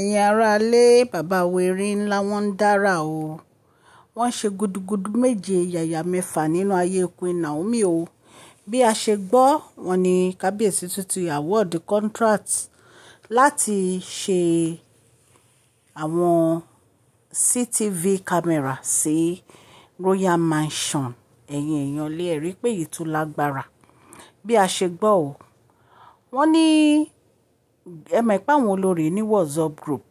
ẹ̀yin aráalé bàbá wẹ̀rí ńlá wọn ń dára o wọ́n ṣe gudugudu méje yàyà mẹ́fà nínú ayé Queen Naomi o bí a ṣe gbọ́ wọn ni kábíyèsí tuntun award contract láti ṣe àwọn CCTV camera sí Royal Mansion ẹ̀yin èèyàn lè rí pé èyí tó lágbára bí a ṣe gbọ́ o wọ́n ní ẹ mọ̀ pé àwọn olórí ní WhatsApp group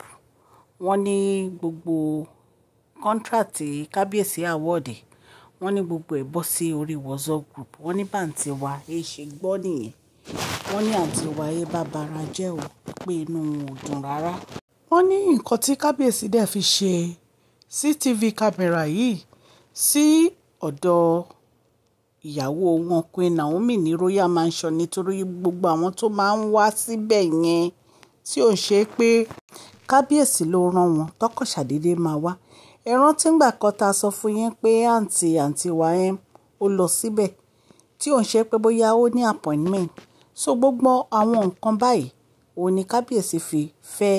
wọ́n ní gbogbo contract kábíyèsí award wọ́n ní gbogbo ẹ̀ bọ́ sí orí WhatsApp group wọ́n ní bàǹtí wa ẹ ṣe gbọ́ nìyẹn wọ́n ní àǹtí wa ẹ bá bara jẹ́ o pé inú wọn ò dùn rárá. wọ́n ní nǹkan tí kábíyèsí dẹ̀ fi ṣe CCTV kámẹ́rà yìí sí ọ̀dọ̀ ìyàwó wọn Queen Naomi ní Royal Mansion nítorí gbogbo àwọn tó máa ń wá síbẹ̀ yẹn tí ò ń ṣe pé kábíyèsí ló rán wọn tọkọ ṣàdédé máa wá ẹ rántí ngbà kan tá a sọ fún yín pé àǹtí àǹtí wa ẹ̀ ó lọ síbẹ̀ tí ò ń ṣe pé bóyá ó ní appointment so gbogbo àwọn nǹkan báyìí òun ni kábíyèsí fi fẹ́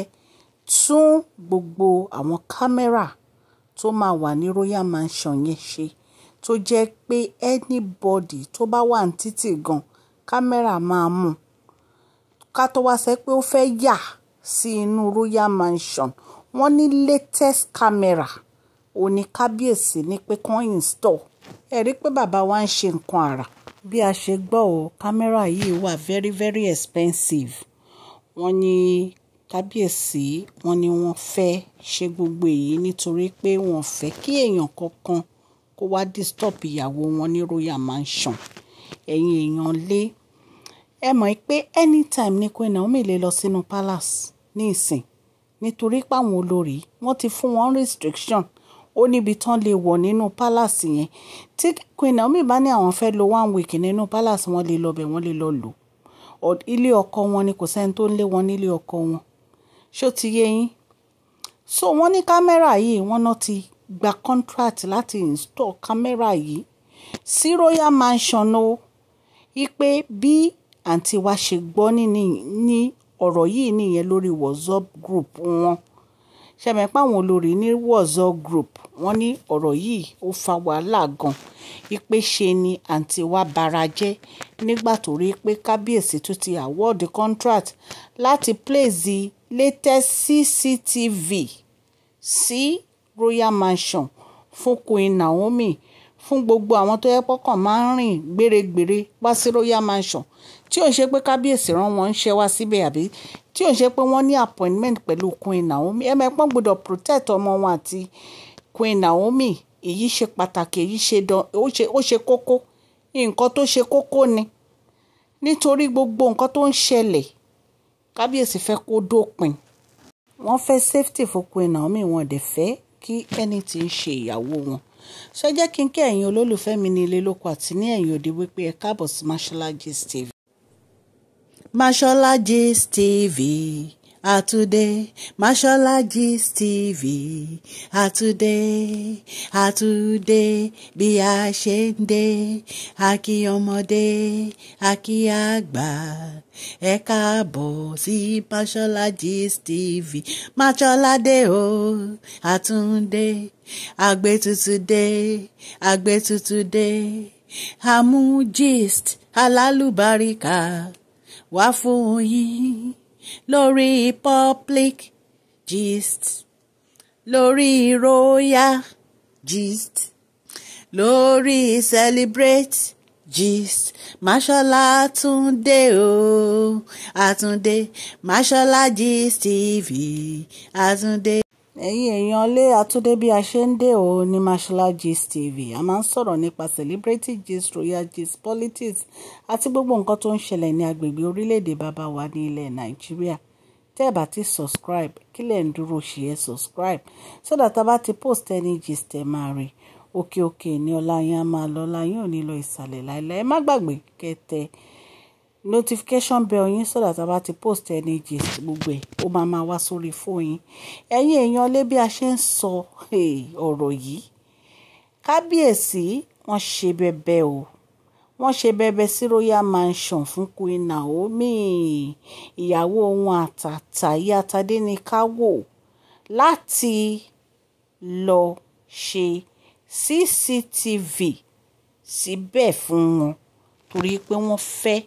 tún gbogbo àwọn kámẹ́rà tó máa wà ní Royal Mansion yẹn ṣe tó jẹ́ pé anybody tó bá wà ní títì gan kámẹ́rà máa mú ká tó wá sẹ́ pé ó fẹ́ yà sí inú royal mansion wọ́n ní latest camera òní kábíyèsí ní pé kán install ẹ rí pé bàbá wa ń ṣe nǹkan àrà bí a ṣe gbọ́ ọ kámẹ́rà yìí wà very very expensive wọ́n ní kábíyèsí wọ́n ní wọ́n fẹ́ ṣe gbogbo èyí nítorí pé wọ́n fẹ́ kí èèyàn kankan kó wá disturb ìyàwó wọn ní royal mansion ẹ̀yin èèyàn lé ẹ mọ̀ pé anytime ni Queen Naomi lè lọ sínú palace ní ìsìn nítorí páwọn olórí wọn ti fún wọn restriction ó níbi tán lè wọ̀ nínú palace yẹn tí Queen Naomi bá ní àwọn fẹ́ lò one week nínú palace wọn lè lọ bẹ̀ wọ́n lè lọ lò ilé ọkọ wọn ni kò sẹ́ni tó ń lé wọn nílé ọkọ wọn ṣó ti yé yín so wọ́n ní kámẹ́rà yìí wọ́n náà ti gba contract láti install camera yìí sí Royal Mansion o ipe bí àǹtí wa ṣe gbọ́ ní ọ̀rọ̀ yìí nìyẹn lórí WhatsApp group wọn ṣẹ̀mẹ̀ páwọn olórí ní WhatsApp group wọn ní ọ̀rọ̀ yìí ó fa wàhálà gan ipe ṣe ni àǹtí wa bara jẹ́ nígbà tó rí pé kábíyèsí tún ti award contract láti place the latest CCTV sí. Si royal mansion fún queen naomi fún gbogbo àwọn tó yẹ pọ́kàn máa ń rìn gbèrègbèrè wá sí royal mansion tí ò ń ṣe pé kábíyèsí rán wọn ń ṣe wá síbẹ̀ àbí tí ò ń ṣe pé wọ́n ní appointment pẹ̀lú queen naomi ẹ mẹ́pọ́n gbọ́dọ̀ protect ọmọ wọn àti queen naomi èyí ṣe pàtàkì èyí ṣe dán ó ṣe kókó nǹkan tó ṣe kókó ni nítorí gbogbo nǹkan tó ń ṣẹlẹ̀ kábíyèsí fẹ́ kó dópin wọ́n fẹ́ safety fún queen naomi wọn dẹ̀ fẹ́ kí ẹni tí ń ṣe ìyàwó wọn ṣé jẹ́ kí n kí ẹ̀yin olólùfẹ́ mi ní ilé lóko àti ní ẹ̀yìn òde wípé ẹ káàbọ̀ sí Mashola Gist TV. Mashola Gist TV Atude, Mashola Gist TV. Atude, bí a ṣe ń dé. A kí ọmọdé, a kí àgbà. Ẹ káàbọ̀ sí Mashola Gist TV. Mashola dé o, Atunde. Àgbẹ̀ tuntun dé, àgbẹ̀ tuntun dé. Àmú gist alálùbáríkà wá fún yín lórí public gist lórí royal gist lórí celebrate gist máṣọ́lá túndé o àtúndé máṣọ́lá gist tv àtúndé ẹ̀yin èèyàn lé àtúndé bí a ṣe ń dé o ní Mashola Gist TV a máa ń sọ̀rọ̀ nípa celebrity gist royal gist politics àti gbogbo nǹkan tó ń ṣẹlẹ̀ ní agbègbè orílẹ̀-èdè bàbá wa ní ilẹ̀ nàìjíríà tẹ́ ẹ̀ bá ti subscribe kí lẹ̀ ń dúró ṣe é subscribe so that tá a bá ti post ẹni gist ẹ̀ máa rí òkè òkè ní ọlá a máa lọ ọlá ò ní lọ ìsàlẹ̀ láìláì má gbàgbé kẹ́ notification bell yín so that tá a ti post ẹni gist gbogbo ẹ̀ ó máa máa wá sórí fóònù yín ẹ̀yin èèyàn lé bí a ṣe ń sọ ọ̀rọ̀ yìí kábíyèsí wọ́n ṣe bẹbẹ o wọ́n ṣe bẹbẹ sí royal mansion fún queen naomi ìyàwó wọn àtàtà ìyàtàdé ní káwò láti lọ ṣe cctv síbẹ̀ fún wọn torí pé wọ́n fẹ́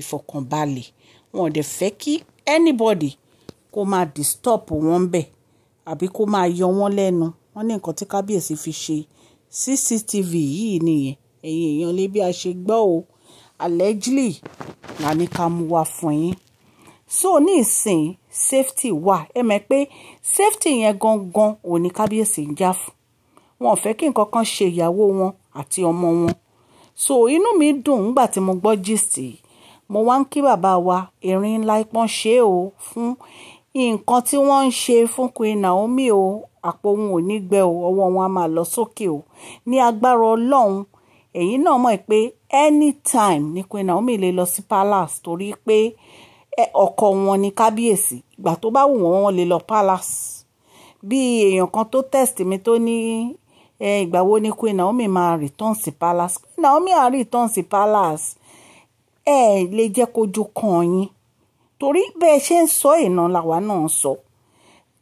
ìfọ̀kànbalẹ̀ wọn ò dẹ̀ fẹ́ kí anybody kó máa disturb wọn bẹ̀ àbí kó máa yọ wọn lẹ́nu wọn ní nǹkan tí kábíyèsí fi ṣe cctv yìí nìyẹn ẹ̀yin èèyàn lé bí a ṣe gbọ́ o allegedly la ní ká mú wá fún yín so ní ìsìn safety wà ẹ mọ̀ pé safety yẹn gangan ò ní kábíyèsí ń jà fún wọn ò fẹ́ kí nǹkan kan ṣe ìyàwó wọn àti ọmọ wọn so inú mi dùn nígbà tí mo gbọ́ gist yìí mo wá ń kí bàbá wa erin ńlá ipọ́n ṣe o fún nǹkan tí wọ́n ń ṣe fún Queen Naomi o àpò òun ò ní gbẹ o ọwọ́ wọn a máa lọ sókè o ní agbára ọlọ́run ẹ̀yin náà mọ̀ pé anytime ni Queen Naomi lè lọ sí palace torí pé ọkọ wọn ni kábíyèsí ìgbà tó bá wù wọ́n wọ́n lè lọ palace bí èèyàn kan tó test mi tó ní ìgbà wo ni Queen Naomi máa return sí palace Queen Naomi á return sí palace ẹ lè jẹ́ kojú kan yín torí bẹ́ẹ̀ ṣe ń sọ ìná làwa náà sọ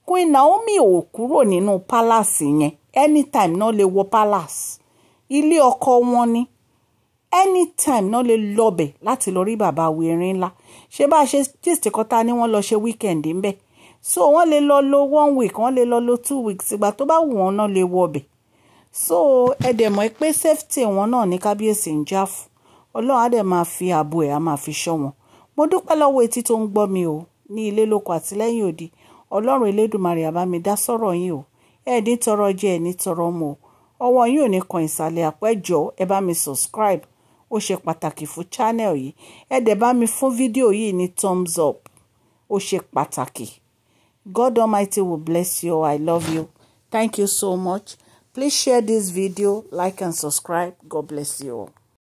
Queen Naomi ò kúrò nínú palace yẹn anytime náà lè wọ palace ilé ọkọ wọn ni anytime náà lè lọbẹ̀ láti lọ rí bàbá wẹ̀rin ńlá ṣé bá a ṣe gist kọta ni wọ́n lọ ṣe weekend ńbẹ̀ so wọ́n lè lọ lo one week wọ́n lè lọ lo two weeks ìgbà tó bá wù wọ́n náà lè wọbẹ̀ so ẹ dẹ̀ mọ̀ pé safety wọn náà ní kábíyèsí ń jà ọlọ́run á dẹ̀ máa fi ààbò ẹ̀ á máa fi ṣọ́ wọn mo dúpẹ́ lọ́wọ́ etí tó ń gbọ́ mi o ní ilé lóko àti òdi ọlọ́run elédùnmarè á dá sọ̀rọ̀ yín o ẹ ní tọrọ jẹ ẹ ní tọrọ mu o ọwọ́ yín ò ní kan ìsàlẹ̀ àpẹjọ ẹ bá mi subscribe ó ṣe pàtàkì fún channel yìí ẹ dẹ̀ bá mi fún fídíò yìí ní thumbs up ó ṣe pàtàkì God Almighty will bless you I love you thank you so much please share this video like and subscribe God bless you all.